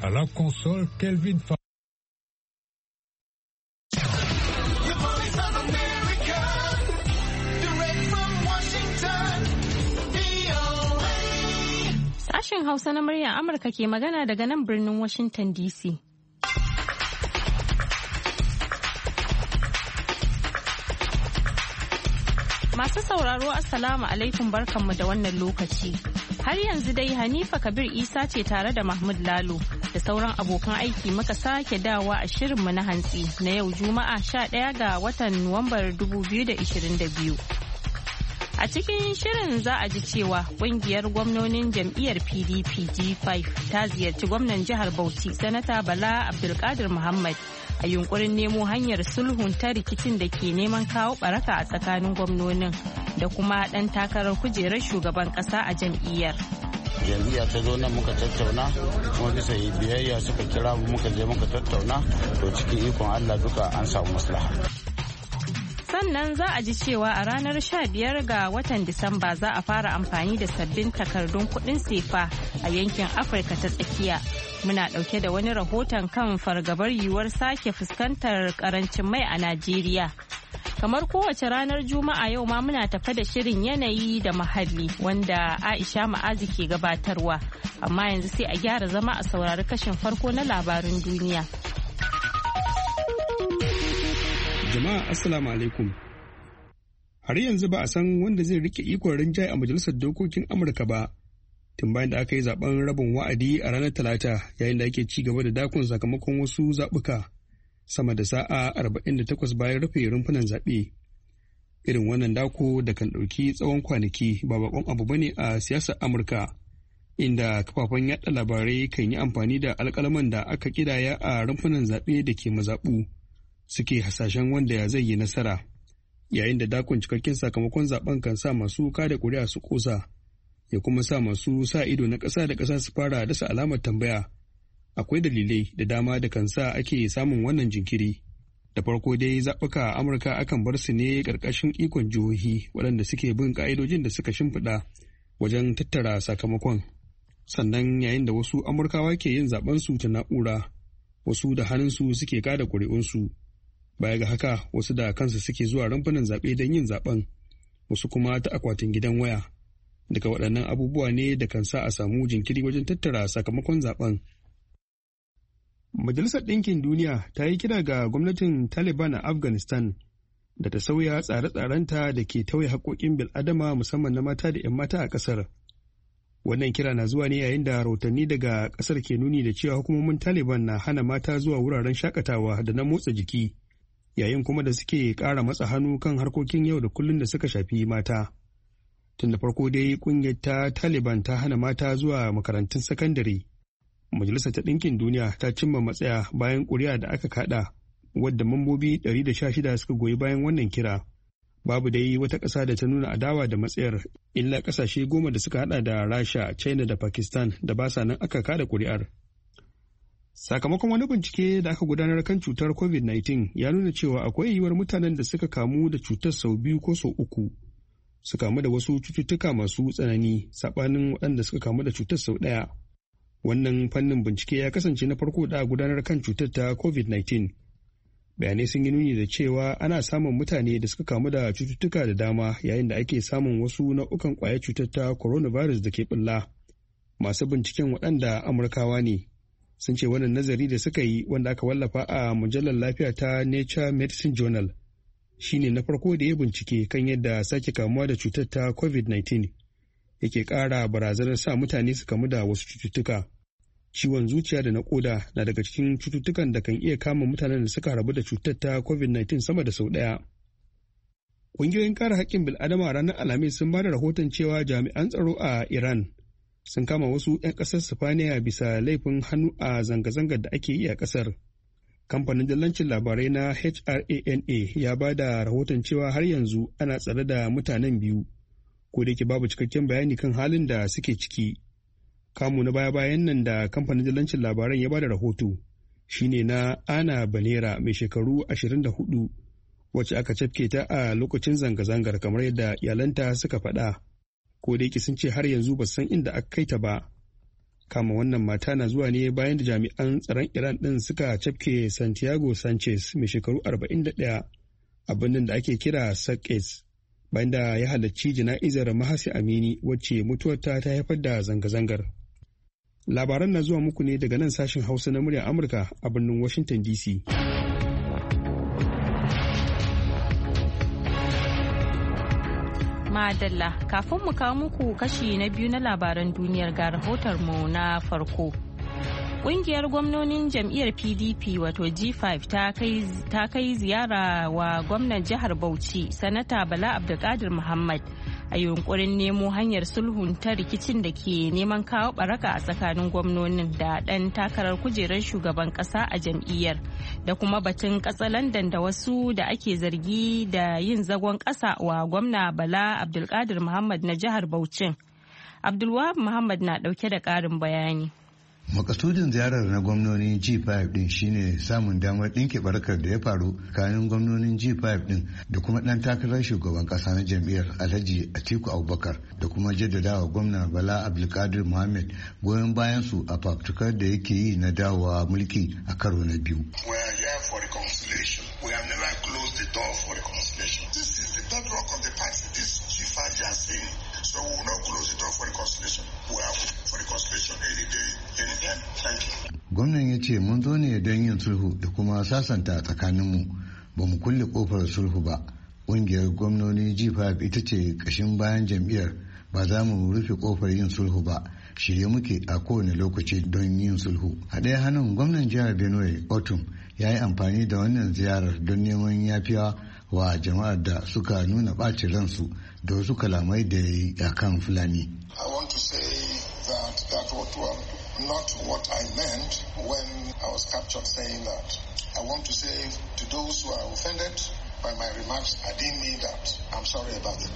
à la console Kelvin Fa Sashen Hausa na murya Amurka ke magana daga nan birnin Washington DC. Masu sauraro Assalamu alaikum barkanmu da wannan lokaci. Har yanzu dai Hanifa Kabir Isa ce tare da Mahmud Lalo da sauran abokan aiki muka sake dawa a shirinmu na hantsi na yau Juma'a 11 ga watan Nuwambar 2022. A cikin shirin za a ji cewa kungiyar gwamnonin jam'iyyar PDP G5 ta ziyarci gwamnan jihar Bauchi Sanata Bala Abdulkadir Muhammad a yunkurin nemo hanyar sulhun ta rikicin da ke neman kawo baraka a tsakanin gwamnonin da kuma ɗan takarar kujerar shugaban ƙasa a jam'iyyar. jam'iyya ta zo nan muka tattauna kuma bisa biyayya suka kira mu muka je muka tattauna to cikin ikon allah duka an samu maslaha sannan za a ji cewa a ranar 15 ga watan Disamba za a fara amfani da sabbin takardun kuɗin sefa a yankin Afirka ta tsakiya. Muna ɗauke da wani rahoton kan fargabar yiwuwar sake fuskantar ƙarancin mai a Najeriya Kamar kowace ranar Juma'a yau ma muna tafa da shirin yanayi da muhalli wanda Aisha Ma'azi ke gabatarwa. Amma yanzu sai a gyara zama a saurari kashin farko na labarin duniya. Jama'a Assalamu alaikum. Har yanzu ba a san wanda zai rike ikon rinjaye a majalisar dokokin Amurka ba. Tun bayan da aka yi zaben rabin wa'adi a ranar Talata yayin da ake ci gaba da dakon sakamakon wasu zaɓuka. sama da sa'a arba'in da 48 bayan rufe rumfunan zaɓe. Irin wannan dako da kan ɗauki tsawon kwanaki ba bakon abu ba ne a siyasar Amurka, inda kafafen yaɗa labarai kan yi amfani da alƙalaman da aka ƙidaya a rumfunan zaɓe da ke mazaɓu suke hasashen wanda zai yi nasara. Yayin da dakon cikakken sakamakon zaɓen kan sa masu kada ƙuri'a su ƙosa, ya kuma sa masu sa ido na ƙasa da ƙasa su fara dasa alamar tambaya. akwai dalilai da dama da kan sa ake samun wannan jinkiri da farko dai zaɓuka a amurka akan bar su ne ƙarƙashin ikon jihohi waɗanda suke bin ƙa'idojin da suka shimfiɗa wajen tattara sakamakon sannan yayin da wasu amurkawa ke yin zaɓensu ta na'ura wasu da hannunsu suke kada ƙuri'unsu baya ga haka wasu da kansu suke zuwa rumfunan zaɓe don yin zaɓen wasu kuma ta akwatin gidan waya daga waɗannan abubuwa ne da kan sa a samu jinkiri wajen tattara sakamakon zaɓen. Majalisar Ɗinkin Duniya ta yi kira ga gwamnatin Taliban a Afghanistan da ta sauya tsare-tsarenta da ke tauye haƙoƙin bil'adama musamman na mata da 'yan mata a ƙasar. Wannan kira na zuwa ne yayin da rahotanni daga ƙasar ke nuni da cewa hukumomin Taliban na hana mata zuwa wuraren shakatawa da na motsa jiki, yayin kuma da suke ƙara matsa hannu kan harkokin yau da kullum da suka shafi mata. Tun da farko dai ƙungiyar ta Taliban ta hana mata zuwa makarantun sakandare. Majalisar ta ɗinkin duniya ta cimma matsaya bayan ƙuri'a da aka kaɗa wadda mambobi 116 suka goyi bayan wannan kira. Babu dai wata ƙasa da ta nuna adawa da matsayar illa ƙasashe goma da suka haɗa da Rasha, China da Pakistan da ba sa nan aka kaɗa ƙuri'ar. Sakamakon wani bincike da aka gudanar kan cutar COVID-19 ya nuna cewa akwai yiwuwar mutanen da suka kamu da cutar sau biyu ko sau uku su kamu da wasu cututtuka masu tsanani saɓanin waɗanda suka kamu da cutar sau ɗaya. Wannan fannin bincike ya kasance na farko da gudanar kan cutar ta COVID-19. Bayanai sun yi nuni da cewa ana samun mutane da suka kamu da cututtuka da dama yayin da ake samun wasu nau'ukan kwayar cutar ta coronavirus da ke bulla. Masu binciken waɗanda Amurkawa ne sun ce wannan nazari da suka yi wanda aka wallafa a mujallar lafiya ta Nature Medicine Journal shine na farko da ya bincike kan yadda sake kamuwa da cutar ta COVID-19 yake kara ƙara barazanar sa mutane su kamu da wasu cututtuka. Ciwon zuciya da na koda na daga cikin cututtukan da kan iya kama mutanen da suka rabu da cutar ta COVID-19 sama da sau ɗaya. Ƙungiyoyin kare haƙƙin bil'adama ranar Alhamis sun ba da rahoton cewa jami'an tsaro a Iran sun kama wasu 'yan ƙasar Sifaniya bisa laifin hannu a zanga-zangar da ake yi a ƙasar. Kamfanin dillancin labarai na HRANA ya ba da rahoton cewa har yanzu ana tsare da mutanen biyu. ko da yake babu cikakken bayani kan halin da suke ciki kamu na baya-bayan nan da kamfanin dillancin labaran ya ba da rahoto shine na ana banera mai shekaru 24 wacce aka cafke ta a lokacin zanga-zangar kamar yadda iyalanta suka faɗa ko da yake sun ce har yanzu ba san inda aka kai ta ba kama wannan mata na zuwa ne bayan da jami'an tsaron iran ɗin suka cafke santiago sanchez mai shekaru 41 a birnin da ake kira sakes banda ya halarci jana'izar mahasi amini wacce mutuwarta ta haifar da zanga-zangar labaran na zuwa muku ne daga nan sashen hausa na muryar amurka a birnin washington dc madalla kafin mu kawo muku kashi na biyu na labaran duniyar ga rahoton mu na farko Ƙungiyar gwamnonin jam'iyyar PDP wato G5 ta kai ziyara wa gwamnan jihar Bauchi, Sanata Bala Abdulkadir Muhammad a yunkurin nemo hanyar sulhun ta rikicin da ke neman kawo baraka a tsakanin gwamnonin da ɗan takarar kujerar shugaban ƙasa a jam'iyyar da kuma batun katsalandan da wasu da ake zargi da yin zagon ƙasa wa gwamna Bala Abdulkadir Muhammad na jihar Bauchi Abdulwahab Muhammad na ɗauke da ƙarin bayani. makasudin ziyarar na gwamnonin g5 din shine samun damar dinke barkar da ya faru kanin gwamnonin g5 din da kuma ɗan takarar shugaban kasa na jam'iyyar alhaji atiku abubakar da kuma jaddadawa gwamna bala abdulkadir muhammad goyon bayan su a fafutukar da yake yi na dawowa mulki a karo na biyu This is the third rock of the party. This So we will not close the door for reconciliation. We are for reconciliation any day. Gwamnan ya ce mun zo ne don yin sulhu da kuma sasanta tsakaninmu ba mu kulle kofar sulhu ba. Ƙungiyar gwamnoni G5 ita ce ƙashin bayan jam'iyyar ba za mu rufe kofar yin sulhu ba. shirye muke a kowane lokaci don yin sulhu. A ɗaya hannun gwamnan jihar Benue Otum ya yi amfani da wannan ziyarar don neman yafiya wa jama'ar da suka nuna ɓacin ransu da wasu kalamai da ya yi a kan Fulani. not what I meant when I was captured saying that. I want to say to those who are offended by my remarks, I didn't mean that. I'm sorry about it.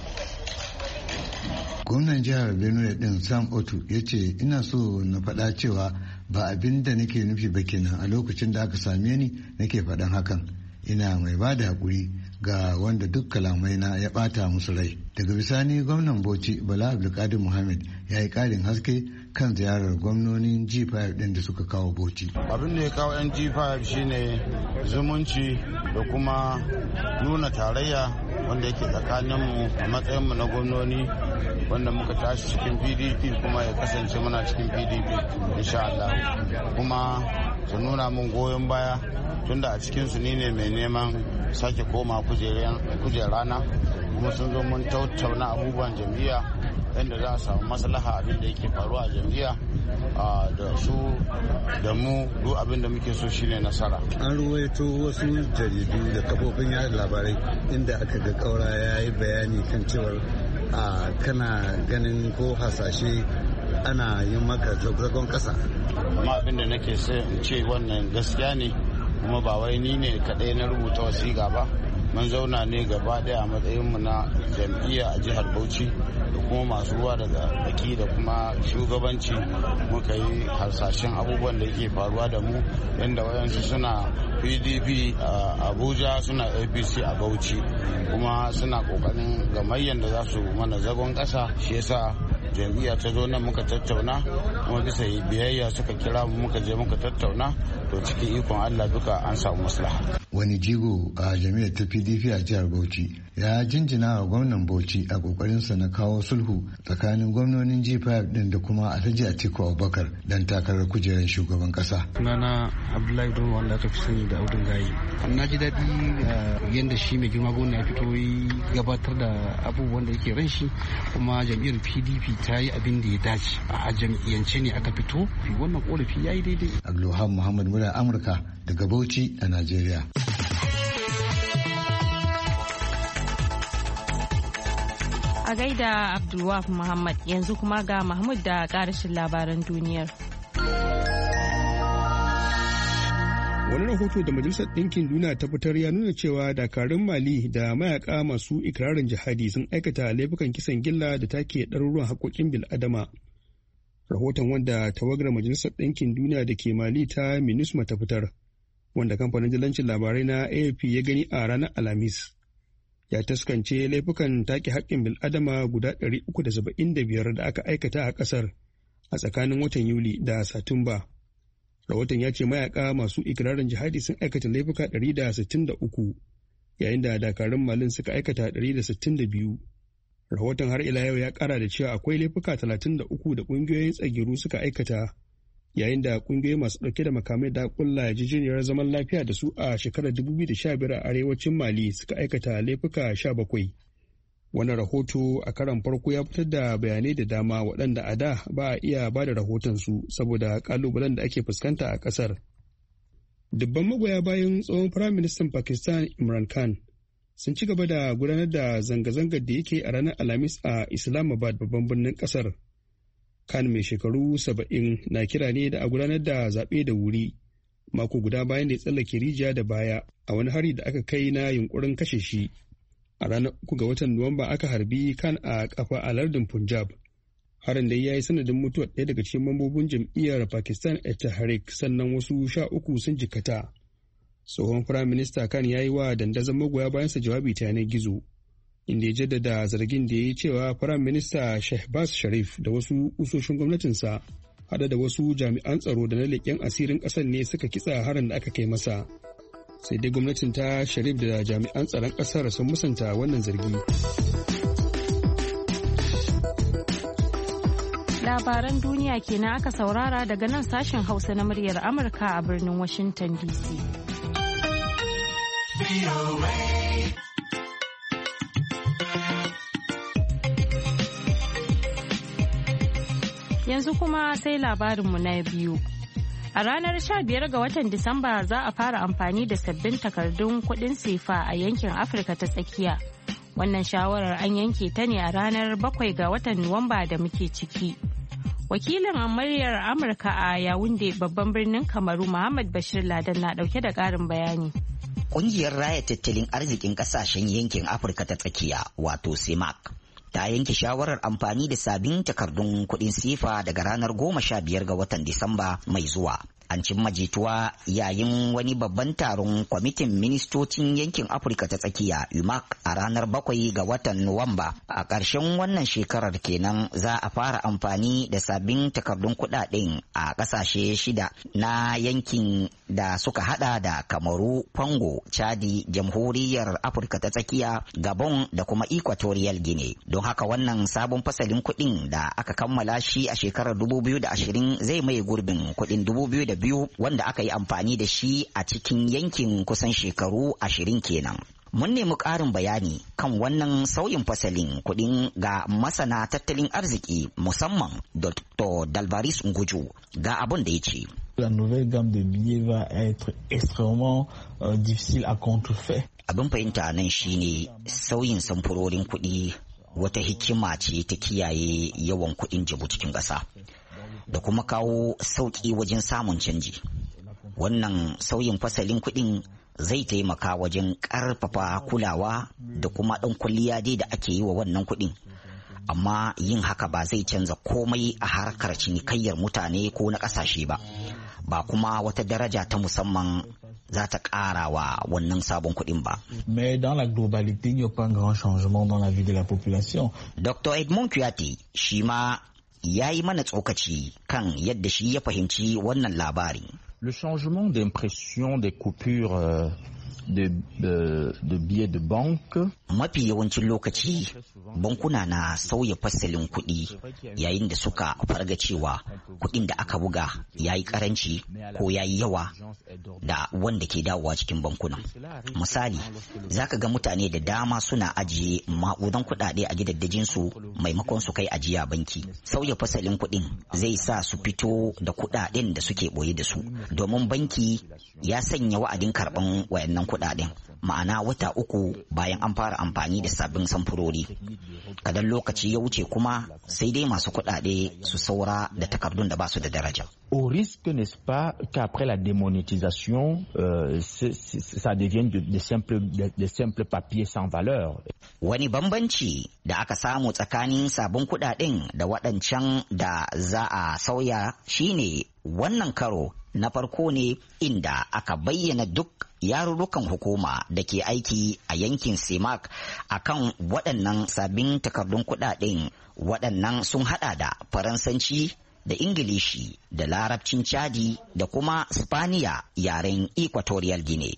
gwamnan jihar benue ɗin sam otu ya ce ina so na faɗa cewa ba abin da nake nufi ba kenan a lokacin da aka same ni nake faɗan hakan ina mai ba da haƙuri ga wanda duk kalamai na ya ɓata musu rai daga bisani gwamnan bauchi bala abdulkadir muhammad ya yi ƙarin haske kan ziyarar gwamnonin G5 ɗin da suka kawo boti. Abin da ya kawo 'yan G5 shine zumunci da kuma nuna tarayya wanda yake tsakaninmu a matsayinmu na gwamnoni wanda muka tashi cikin PDP kuma ya kasance muna cikin PDP insha Allah kuma su nuna mun goyon baya tunda a cikinsu ni ne mai neman sake koma kujerana kuma sun zo mun tattauna abubuwan jam'iyya inda za a samu maslaha abin da yake faruwa a jam'iyya da su da mu duk abin da muke so shine nasara an ruwaito wasu jaridu da kafofin yada labarai inda aka ga kaura ya yi bayani kan cewar kana ganin ko hasashe ana yin maka zagon kasa amma abin da nake ce wannan gaskiya ne kuma ba wai ni ne kaɗai na rubuta wasiƙa ba mun zauna ne gaba daya a matsayinmu na jam'iyya a jihar bauchi da kuma masu ruwa daga baki da kuma shugabanci muka yi harsashen abubuwan da yake faruwa da mu yadda wayansu suna pdp a abuja suna apc a bauchi kuma suna kokarin gamayyar da za su mana zagon kasa shi yasa jam'iyya ta zo nan muka tattauna kuma bisa biyayya suka kira mu muka je muka tattauna to cikin ikon allah duka an samu maslaha wani jigo a jami'ar ta pdp a jihar bauchi ya jinjina wa gwamnan bauchi a kokarinsa na kawo sulhu tsakanin gwamnonin g5 din da kuma alhaji atiku abubakar dan takarar kujerar shugaban kasa sunana abdullahi don wanda ta fi sani da audun gayi na ji daɗi uh, yadda shi mai girma gona ya fito yi gabatar da abubuwan da yake ran shi kuma jam'iyyar pdp ta yi abin da ya dace a jam'iyyance ne aka fito wannan korafi ya yi daidai abdulhamid muhammad Murya amurka daga bauchi a najeriya A gaida Abdulwaf Muhammad yanzu kuma ga Mahmud da karashin labaran duniyar. Wani rahoto da Majalisar Ɗinkin Duniya ta fitar ya nuna cewa dakarun Mali da mayaka masu ikirarin jihadi sun aikata laifukan kisan gilla da take ɗaruruwan haƙoƙin bil'adama. Rahoton wanda tawagar Majalisar Ɗinkin Duniya da ke Mali ta Minisma ta fitar, wanda kamfanin jalancin labarai na AFP ya gani a ranar Alhamis. ya taskance laifukan take haƙƙin bil'adama guda 375 da aka aikata a ƙasar a tsakanin watan Yuli da Satumba. Rahoton ya ce mayaƙa masu ikirarin jihadi sun aikata laifuka 163 yayin da dakarun Malin suka aikata 162. Rahoton har ila yau ya ƙara da cewa akwai laifuka 33 da ƙungiyoyin tsagiru suka aikata yayin da kungiyoyi masu dauke da makamai da kulla jijiyar zaman lafiya da su a shekarar 2015 a arewacin mali suka aikata laifuka 17 wani rahoto a karan farko ya fitar da bayanai da dama waɗanda a da ba a iya ba da rahotonsu saboda ƙalubalen da ake fuskanta a ƙasar dubban magoya bayan tsohon firaministan pakistan imran khan sun ci gaba da gudanar da zanga-zangar da yake a ranar alhamis a islamabad babban birnin ƙasar kan mai shekaru saba'in na kira ne da a gudanar da zaɓe da wuri mako guda bayan da ya tsallake rijiya da baya a wani hari da aka kai na yunkurin kashe shi a ranar uku ga watan nuwamba aka harbi kan a kafa a lardin punjab harin da ya yi sanadin mutuwar ɗaya daga cikin mambobin jam'iyyar pakistan etihad sannan wasu sha uku sun jikkata tsohon firayim minista kan ya yi wa dandazon magoya bayansa jawabi ta yanar gizo inda ya jaddada zargin da ya yi cewa Firayim Minista Shehbaz Sharif da wasu usoshin gwamnatinsa hada da wasu jami'an tsaro da na leƙen asirin ƙasar ne suka kitsa harin da aka kai masa. Sai dai gwamnatin ta Sharif da jami'an tsaron ƙasar sun musanta wannan zargi. Labaran duniya kenan aka saurara daga nan sashen Hausa na muryar Amurka a birnin Washington DC. Yanzu kuma sai labarinmu na biyu. A ranar 15 ga watan Disamba za a fara amfani da sabbin takardun kuɗin sefa a yankin Afirka ta tsakiya. Wannan shawarar an yanke ta ne a ranar 7 ga watan Nuwamba da muke ciki. Wakilin amaryar Amurka a Yawunde babban birnin Kamaru Muhammad Bashir Ladan na ɗauke da ƙarin bayani. Ƙungiyar raya tattalin arzikin ƙasashen yankin Afirka ta tsakiya wato CEMAC ta yanke shawarar amfani da sabin takardun kuɗin sifa daga ranar goma sha biyar ga watan Disamba mai zuwa. an cimma jituwa yayin wani babban taron kwamitin ministocin yankin afirka ta tsakiya umac a ranar bakwai ga watan nuwamba a ƙarshen wannan shekarar kenan za a fara amfani da sabbin takardun kuɗaɗen a ƙasashe shida na yankin da suka hada da kamaru fango chadi jamhuriyar afirka ta tsakiya gabon da kuma equatorial guinea don haka wannan sabon fasalin kuɗin da aka kammala shi a shekarar 2020 zai mai gurbin kuɗin 2020 biyu wanda aka yi amfani da shi a cikin yankin kusan shekaru ashirin kenan. Mun nemi ƙarin bayani kan wannan sauyin fasalin kuɗin ga masana tattalin arziki musamman Dr. Dalbaris Nguju ga abin da ya ce. La nouvelle gamme de billets va être extrêmement euh, difficile à contrefaire. Abin fahimta nan shi ne sauyin samfurorin kuɗi wata hikima ce ta kiyaye yawan kuɗin jibu cikin ƙasa. da kuma kawo sauƙi wajen samun canji wannan sauyin fasalin kuɗin zai taimaka wajen ƙarfafa kulawa da kuma ɗan kwalliya dai da ake yi wa wannan kuɗin amma yin haka ba zai canza komai a harkar cinikayyar mutane ko na ƙasashe ba ba kuma wata daraja ta musamman za ta ƙara wa wannan sabon kuɗin ba. Dr. Edmond Kuyate shi ma Le changement d'impression des coupures... Euh, da biye da bank mafi yawancin lokaci bankuna na sauya fasalin kuɗi yayin da suka farga cewa kuɗin da aka buga ya yi karanci ko ya yi yawa da wanda ke dawowa cikin bankuna misali za ka ga mutane da dama suna ajiye ma'udan kuɗaɗe a gidaddajinsu maimakon su kai ajiya banki sauya fasalin kuɗin zai sa su fito da kuɗaɗen da suke ɓoye da su domin banki ya sanya wa'adin karɓan wayannan kudaden ma'ana wata uku bayan an fara amfani da sabbin samfurori kadan lokaci ya wuce kuma sai dai masu kudade su saura da takardun da basu da daraja au risque n'est-ce pas qu'après la démonétisation euh, ça devient de, simple de, simple papier sans valeur wani bambanci da aka samu tsakanin sabon kudaden da waɗancan da za a sauya shine wannan karo na farko ne inda aka bayyana duk yarurrukan hukuma da ke aiki a yankin semak kan waɗannan sabbin takardun kuɗaɗen waɗannan sun haɗa da faransanci da ingilishi da larabcin chadi da kuma spaniya yaren equatorial guinea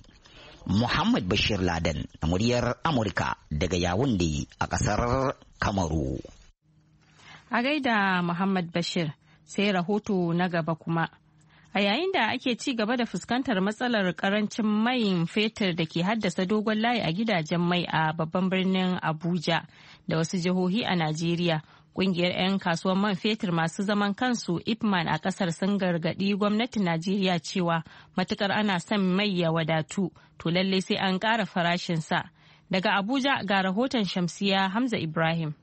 muhammad bashir laden muryar amurka daga yawun yi a ƙasar kamaru a gaida muhammad bashir sai rahoto na gaba kuma a yayin da ake ci gaba da fuskantar matsalar karancin mai fetur da ke haddasa dogon layi a gidajen mai a babban birnin abuja da wasu jihohi a najeriya kungiyar 'yan kasuwar man fetur masu zaman kansu ipman a kasar sun gargadi gwamnatin najeriya cewa matukar ana son mai ya wadatu to lallai sai an ƙara farashinsa daga abuja ga rahoton shamsiya hamza ibrahim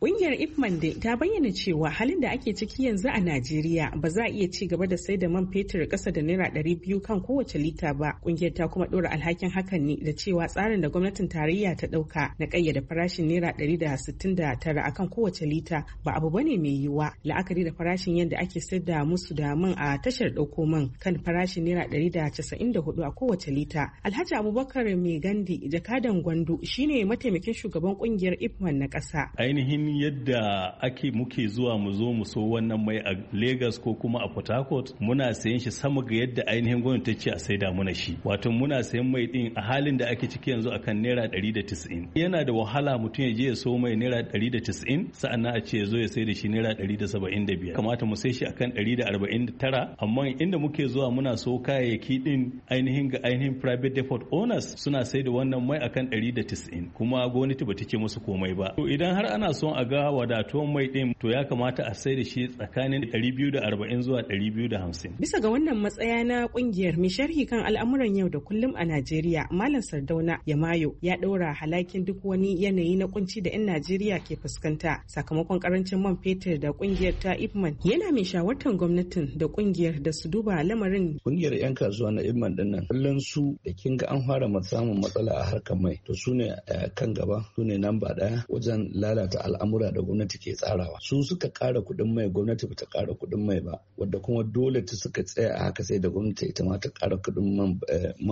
Ƙungiyar Ifmande ta bayyana cewa halin da ake ciki yanzu a Najeriya ba za a iya ci gaba da sai da man fetur ƙasa da naira ɗari biyu kan kowace lita ba. Ƙungiyar ta kuma ɗora alhakin hakan ne da cewa tsarin da gwamnatin tarayya ta ɗauka na ƙayyade farashin naira ɗari da sittin da tara a kan kowace lita ba abu bane mai yiwuwa. La'akari da farashin yadda ake sayar da musu da man a tashar ɗauko man kan farashin naira ɗari da casa'in da hudu a kowace lita. Alhaji Abubakar Megandi jakadan Gwandu shine mataimakin shugaban ƙungiyar Ifman na ƙasa. Ainihin yadda ake muke zuwa mu zo mu so wannan mai a Lagos ko kuma a Port Harcourt muna sayan shi sama ga yadda ainihin gwamnati ta ce a sai da muna shi wato muna sayan mai din a halin da ake ciki yanzu akan naira 190 yana da wahala mutum ya je ya so mai naira 190 sa'annan a ce ya zo ya da shi naira 175 kamata mu sai shi akan 149 amma inda muke zuwa muna so kayayyaki din ainihin ga ainihin private depot owners suna sai da wannan mai akan 190 kuma gwamnati bata ce musu komai ba to idan har ana son a ga wadatuwan mai din to ya kamata a sai da shi tsakanin 240 zuwa 250. Bisa ga wannan matsaya na kungiyar mai sharhi kan al'amuran yau da kullum a Najeriya Malam Sardauna Yamayo ya ɗaura halakin duk wani yanayi na kunci da 'yan Najeriya ke fuskanta sakamakon karancin man fetur da kungiyar ta Ipman yana mai shawartar gwamnatin da kungiyar da su duba lamarin. Kungiyar 'yan kasuwa na Ipman din nan kallon su da kin ga an fara samun matsala a harkar mai to su ne eh, kan gaba su ne nan ba ɗaya wajen lalata al'amuran al'amura da gwamnati ke tsarawa su suka kara kuɗin mai gwamnati bata kara kuɗin mai ba wadda kuma dole ta suka tsaya a haka sai da gwamnati ita ma ta kara kuɗin man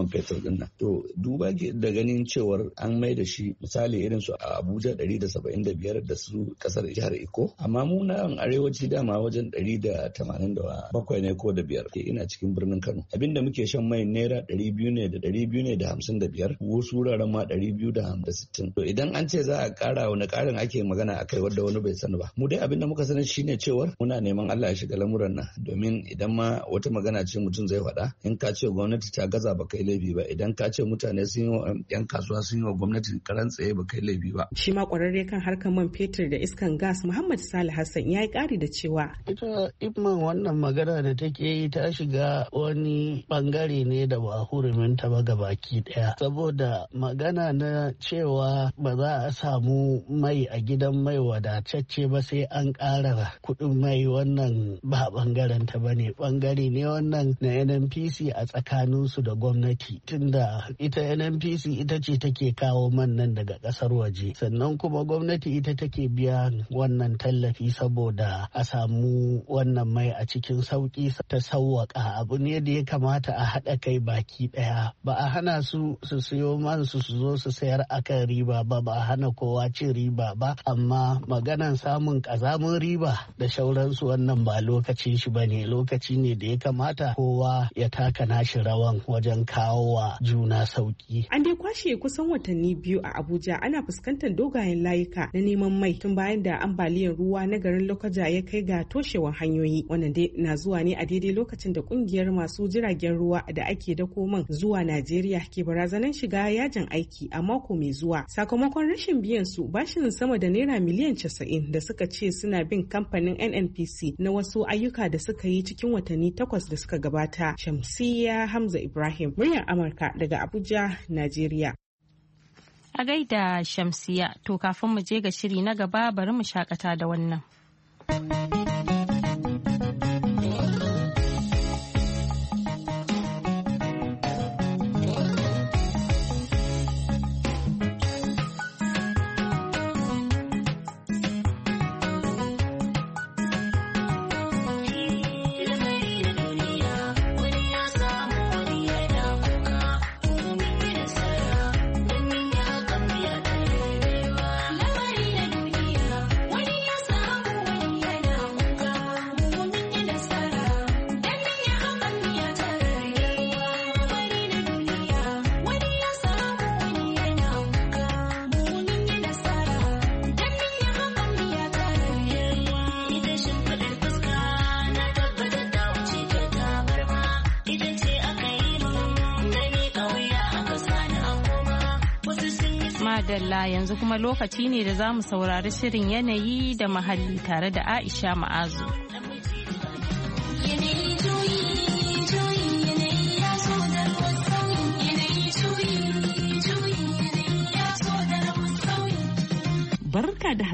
eh, fetur din nan to duba da ganin cewar an mai da shi misali irin su a Abuja 175 da su kasar jihar Iko amma mu na arewaci dama wajen 187 ne ko da biyar ke eh, ina cikin birnin Kano abinda muke shan mai naira 200 ne da 200 ne da 55 wasu wuraren ma 260 da to idan an ce za a kara wani ƙarin ake magana akai wanda wani bai sani ba mu dai abin da muka sani shine cewar muna neman Allah ya shiga lamuran nan domin idan ma wata magana ce mutum zai faɗa in ka ce gwamnati ta gaza ba kai laifi ba idan ka ce mutane sun yi yan kasuwa sun yi wa gwamnati karan tsaye ba kai laifi ba shi ma kwararre kan harkar man fetur da iskan gas Muhammad Salih Hassan ya yi ƙari da cewa ita imman wannan magana da take yi ta shiga wani bangare ne da ba hurumin ta ba gabaki daya saboda magana na cewa ba za a samu mai a gidan mai mai wadatacce ba sai an ƙara kuɗin mai wannan ba ɓangaren ta ba ne ɓangare ne wannan na nnpc a tsakaninsu da gwamnati tunda ita nnpc ita ce take kawo man nan daga ƙasar waje sannan kuma gwamnati ita take biya wannan tallafi saboda a samu wannan mai a cikin sauƙi ta sauwaƙa abu ne da ya kamata a haɗa kai baki ɗaya ba a hana su su siyo man su su zo su sayar akan riba ba ba a hana kowa cin riba ba amma maganan samun kazamun riba da shauransu wannan ba lokacin shi bane lokaci ne da ya kamata kowa ya taka nashi rawan wajen kawo wa juna sauki. An dai kwashe kusan watanni biyu a Abuja ana fuskantar dogayen layuka na neman mai tun bayan da ambaliyar ruwa na garin Lokaja ya kai ga toshewar hanyoyi. Wannan dai na zuwa ne a daidai lokacin da kungiyar masu jiragen ruwa da ake da man zuwa Najeriya ke barazanan shiga yajin aiki a mako mai zuwa. Sakamakon rashin biyan su bashin sama da naira miliyan miliyan 90 da suka ce suna bin kamfanin nnpc na wasu ayyuka da suka yi cikin watanni takwas da suka gabata shamsiya hamza ibrahim muryar amurka daga abuja najeriya a gaida shamsiya to kafin mu je ga shiri na gaba bari mu shakata da wannan madalla yanzu kuma lokaci ne da za mu saurari shirin yanayi da muhalli tare da Aisha Ma'azu.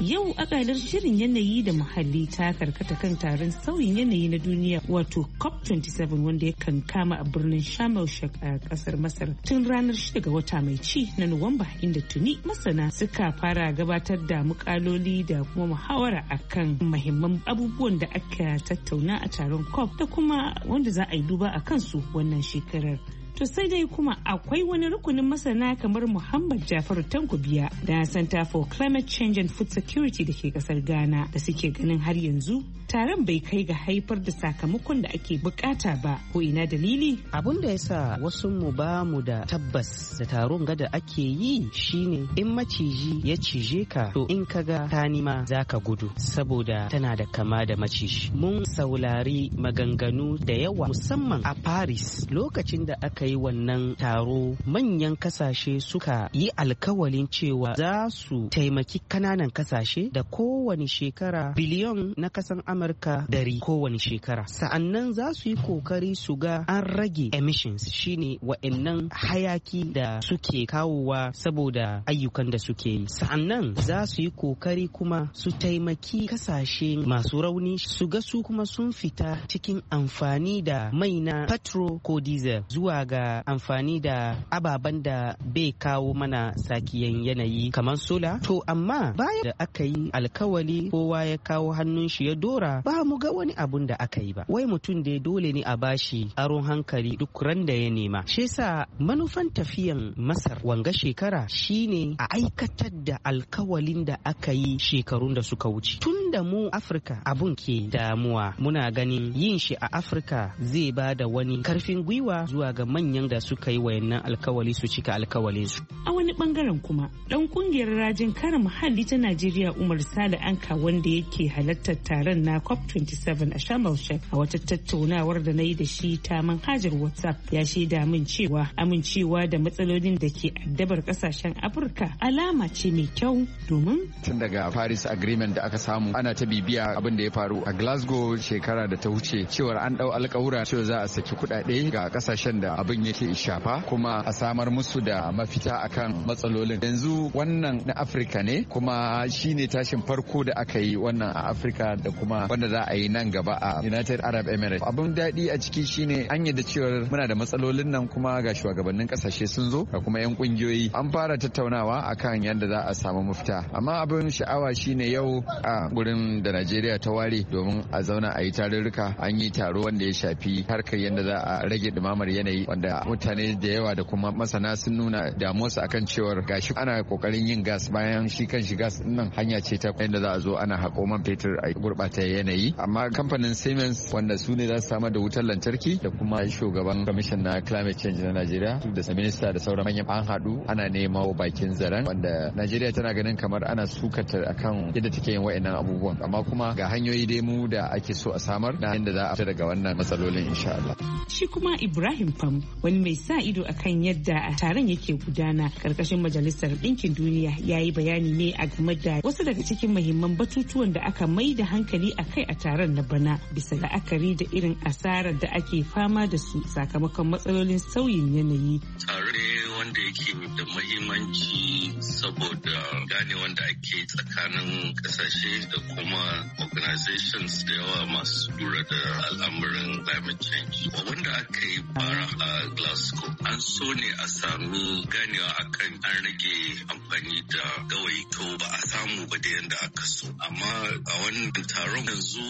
Yau akalar shirin yanayi da muhalli ta karkata kan taron sauyin yanayi na duniya wato COP27 wanda ya kankama a birnin shamo a kasar Masar tun ranar 6 ga wata mai ci na Nuwamba inda tuni masana suka fara gabatar da mukaloli da kuma muhawara akan mahimman abubuwan da aka tattauna a taron COP da kuma wanda za a yi duba a kansu wannan shekarar. To sai dai kuma akwai wani rukunin masana kamar Muhammad Jafaru Tankubiya da Center for Climate Change and Food Security da ke kasar Ghana da suke ganin har yanzu taron bai kai ga haifar da sakamakon da ake bukata ba ko ina dalili Abun da yasa wasu mu ba mu da tabbas da taron gada ake yi shine in maciji ya cije ka to in ka ga ta nima za ka gudu saboda tana da kama da maciji mun saulari maganganu da yawa musamman a paris lokacin da aka aka yi wannan taro manyan kasashe suka yi alkawalin cewa za su taimaki kananan kasashe da kowane shekara biliyon na kasan amurka dari kowane shekara sa'annan za su yi kokari su ga an rage emissions shine wa'annan hayaki da suke kawowa saboda ayyukan da suke yi sa'annan za su yi kokari kuma su taimaki kasashe masu rauni su ga su kuma sun fita cikin amfani da mai na petrol ko diesel zuwa ga amfani da ababen da bai kawo mana sakiyan yanayi kamar sola to amma bayan da aka yi alkawali kowa ya kawo hannun shi ya dora ba mu ga wani abun da aka yi ba wai mutum da dole ne a bashi aron hankali duk ran da ya nema shi yasa manufan tafiyan masar wanga shekara shine a aikatar da alkawalin da aka yi shekarun da suka wuce tun inda mu afirka abun ke damuwa muna ganin yin shi a afirka zai ba da wani karfin gwiwa zuwa ga manyan da suka yi wayannan alkawali su cika alkawalin su a wani bangaren kuma ɗan kungiyar rajin kare muhalli ta najeriya umar sale anka wanda yake halartar taron na cop 27 a shamal a wata tattaunawar da na yi da shi ta manhajar whatsapp ya shaida min cewa amincewa da matsalolin da ke addabar kasashen afirka alama ce mai kyau domin tun daga paris agreement da aka samu ana ta bibiya abin da ya faru a Glasgow shekara da ta wuce cewar an dau alkawura cewa za a saki kuɗaɗe ga kasashen da abin yake shafa kuma a samar musu da mafita akan matsalolin yanzu wannan na Afirka ne kuma shine tashin farko da aka yi wannan a Afirka da kuma wanda za a yi nan gaba a United Arab Emirates abin daɗi a ciki shine an yadda cewar muna da matsalolin nan kuma ga shugabannin kasashe sun zo da kuma 'yan kungiyoyi an fara tattaunawa akan yadda za a samu mafita amma abin sha'awa shine yau a gurin garin da najeriya ta ware domin a zauna a yi tarurruka an yi taro wanda ya shafi harkar yadda za a rage dumamar yanayi wanda mutane da yawa da kuma masana sun nuna damuwarsu akan cewar gashi ana kokarin yin gas bayan shi kan shi gas nan hanya ce ta yadda za a zo ana haƙo man fetur a gurɓata yanayi amma kamfanin siemens wanda su ne za su samar da wutar lantarki da kuma shugaban kwamishin na climate change na najeriya da minista da sauran manyan an haɗu ana nema bakin zaren wanda najeriya tana ganin kamar ana sukata akan yadda take yin wa'annan abubuwa abubuwan amma kuma ga hanyoyi dai mu da ake so a samar na yadda za a fita daga wannan matsalolin insha Allah. Shi kuma Ibrahim Fam wani mai sa ido akan yadda taron yake gudana karkashin majalisar ɗinkin duniya ya yi bayani ne a game da wasu daga cikin mahimman batutuwan da aka mai da hankali a kai a taron na bana bisa la'akari da irin asarar da ake fama da su sakamakon matsalolin sauyin yanayi. Tare wanda yake da mahimmanci saboda gane wanda ake tsakanin kasashe da kuma organizations da yawa masu lura da al'amuran climate change. Wanda aka yi bara a Glasgow an so ne a sami ganewa akan an rage amfani da gawayi ko ba a samu ba da yadda aka so. Amma a wannan taron yanzu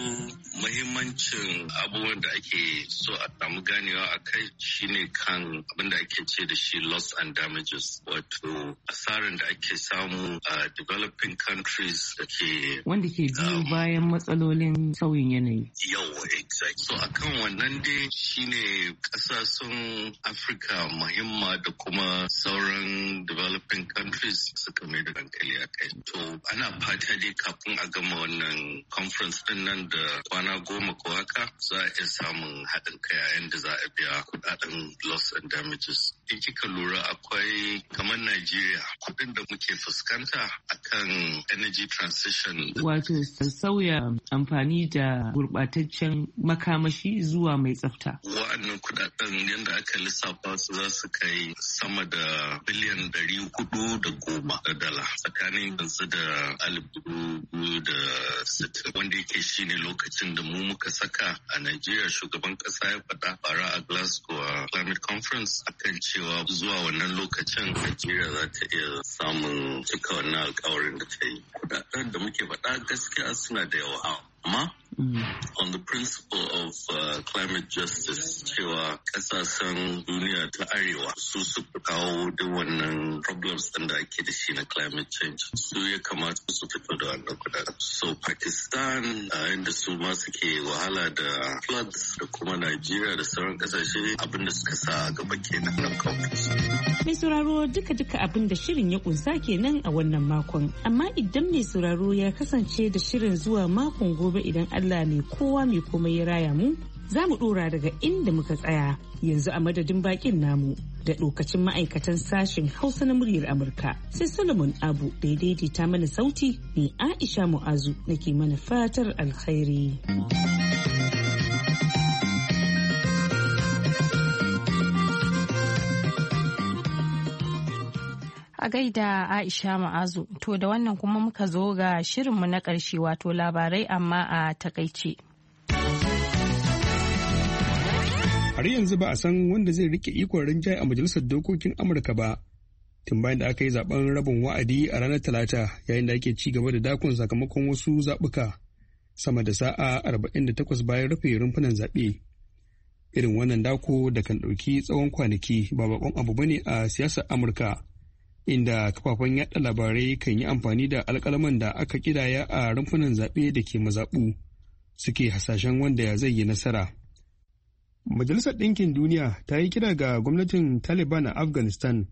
mahimmancin abubuwan da ake so a samu ganewa akan shine kan abin da ake ce da shi loss and damages wato asarar da ake samu a developing countries da ke ke biyo bayan matsalolin sauyin yanayi. Yawwa, exactly. So akan wannan dai shine kasashen Afirka muhimma da kuma sauran developing countries suka mai da hankali a kai. To ana fata dai kafin a gama wannan conference din nan da kwana goma ko haka za a iya samun haɗin kai a yanda za a biya kuɗaɗen loss and damages. In kika lura akwai kamar Najeriya kuɗin da muke fuskanta akan energy transition. Wato sauya amfani da gurɓataccen makamashi zuwa mai tsafta. Wa'annan kuɗaɗen yadda aka lissafa su za su kai sama da biliyan ɗari ɗari hudu da goma na dala tsakanin yanzu mm. da alif dubu da sittin wanda yake shine lokacin da mu muka saka a Najeriya shugaban ƙasa ya faɗa bara a Glasgow a climate conference akan cewa zuwa wannan lokacin Najeriya za ta iya samun cika wannan alkawarin da ta yi. Kudaden da muke faɗa gaskiya suna da yawa amma mm. on the principle of uh, climate justice cewa kasashen duniya ta arewa su su kawo da wannan problems ɗin da ake da shi na climate change su ya kamata su fito da wannan kudaden so pakistan a yadda su ma suke wahala da floods da kuma nigeria da sauran kasashe abinda suka sa a gaba kenan nan mai sauraro duka-duka abin da shirin ya kunsa kenan a wannan makon amma idan mai sauraro ya kasance da shirin zuwa makon gobe gobe idan Allah mai kowa mai komai ya raya mu za mu dora daga inda muka tsaya yanzu a madadin bakin namu da lokacin ma'aikatan sashen hausa na muryar amurka sai solomon abu da ya daidaita mana sauti ne aisha mu'azu nake mana fatar alkhairi. A gaida Aisha Ma'azu, to da wannan kuma muka zo ga shirinmu na ƙarshe wato labarai amma a takaice. Har yanzu ba a san wanda zai rike ikon rinjaye a majalisar dokokin Amurka ba. Tun bayan da aka yi zaben rabin wa'adi a ranar Talata yayin da ake ci gaba da dakon sakamakon wasu zaɓuka sama da sa'a 48 bayan rufe rumfunan zaɓe. Irin wannan dako da kan ɗauki tsawon kwanaki ba baƙon abu bane a siyasar Amurka. inda kafafen yaɗa labarai kan yi amfani da alkalaman da aka kidaya a rumfunan zaɓe da ke mazaɓu suke hasashen wanda zai yi nasara. Majalisar Ɗinkin Duniya ta yi kira ga gwamnatin Taliban a Afghanistan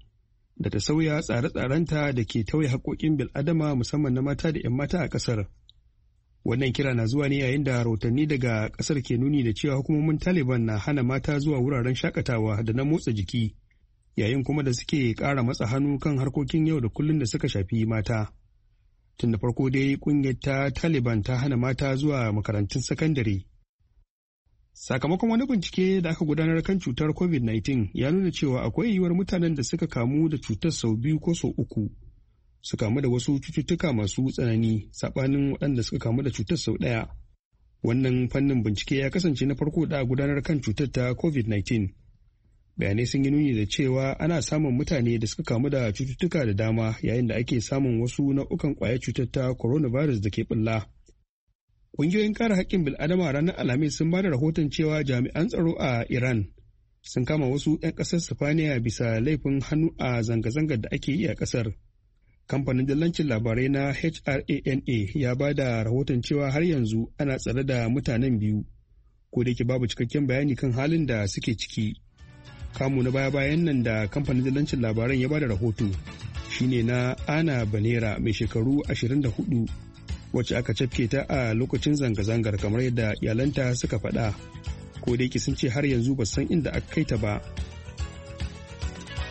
da ta sauya tsare-tsarenta da ke tauye haƙoƙin bil'adama musamman na mata da 'yan mata a ƙasar. Wannan kira na zuwa ne yayin da rahotanni daga ƙasar ke nuni da cewa hukumomin Taliban na hana mata zuwa wuraren shakatawa da na motsa jiki. yayin kuma da suke ƙara matsa hannu kan harkokin yau da kullum da suka shafi mata. Tun da farko dai ƙungiyar ta Taliban ta hana mata zuwa makarantun sakandare. Sakamakon wani bincike da aka gudanar kan cutar COVID-19 ya nuna cewa akwai yiwuwar mutanen da suka kamu da cutar sau biyu ko sau uku su kamu da wasu cututtuka masu tsanani saɓanin waɗanda suka kamu da cutar sau ɗaya. Wannan fannin bincike ya kasance na farko da gudanar kan cutar ta COVID-19. bayanai sun yi nuni da cewa ana samun mutane da suka kamu da cututtuka da dama yayin da ake samun wasu nau'ukan ƙwayar cutar ta coronavirus da ke bulla. Ƙungiyoyin kare haƙƙin bil'adama ranar Alhamis sun ba rahoton cewa jami'an tsaro a Iran sun kama wasu 'yan ƙasar Sifaniya bisa laifin hannu a zanga-zangar da ake yi a ƙasar. Kamfanin dillancin labarai na HRANA ya ba da rahoton cewa har yanzu ana tsare da mutanen biyu, ko da babu cikakken bayani kan halin da suke ciki. kamu na baya-bayan nan da kamfanin dillancin labaran ya bada rahoto shine na ana banera mai shekaru 24 wacce aka cafke ta a lokacin zanga-zangar kamar yadda iyalanta suka faɗa ko dai yake sun ce har yanzu ba san inda aka kai ta ba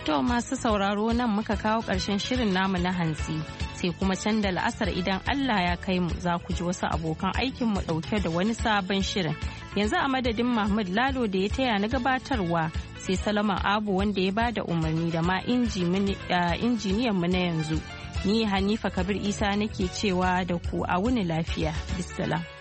to masu sauraro nan muka kawo ƙarshen shirin namu na hantsi sai kuma can da la'asar idan Allah ya kai mu za ku ji wasu abokan aikin mu dauke da wani sabon shirin. Yanzu a madadin Mahmud Lalo da ya taya na gabatarwa sai Salama Abu wanda ya bada umarni da ma injiniyan mu na yanzu. Ni Hanifa Kabir Isa nake cewa da ku a wuni lafiya. bisalam.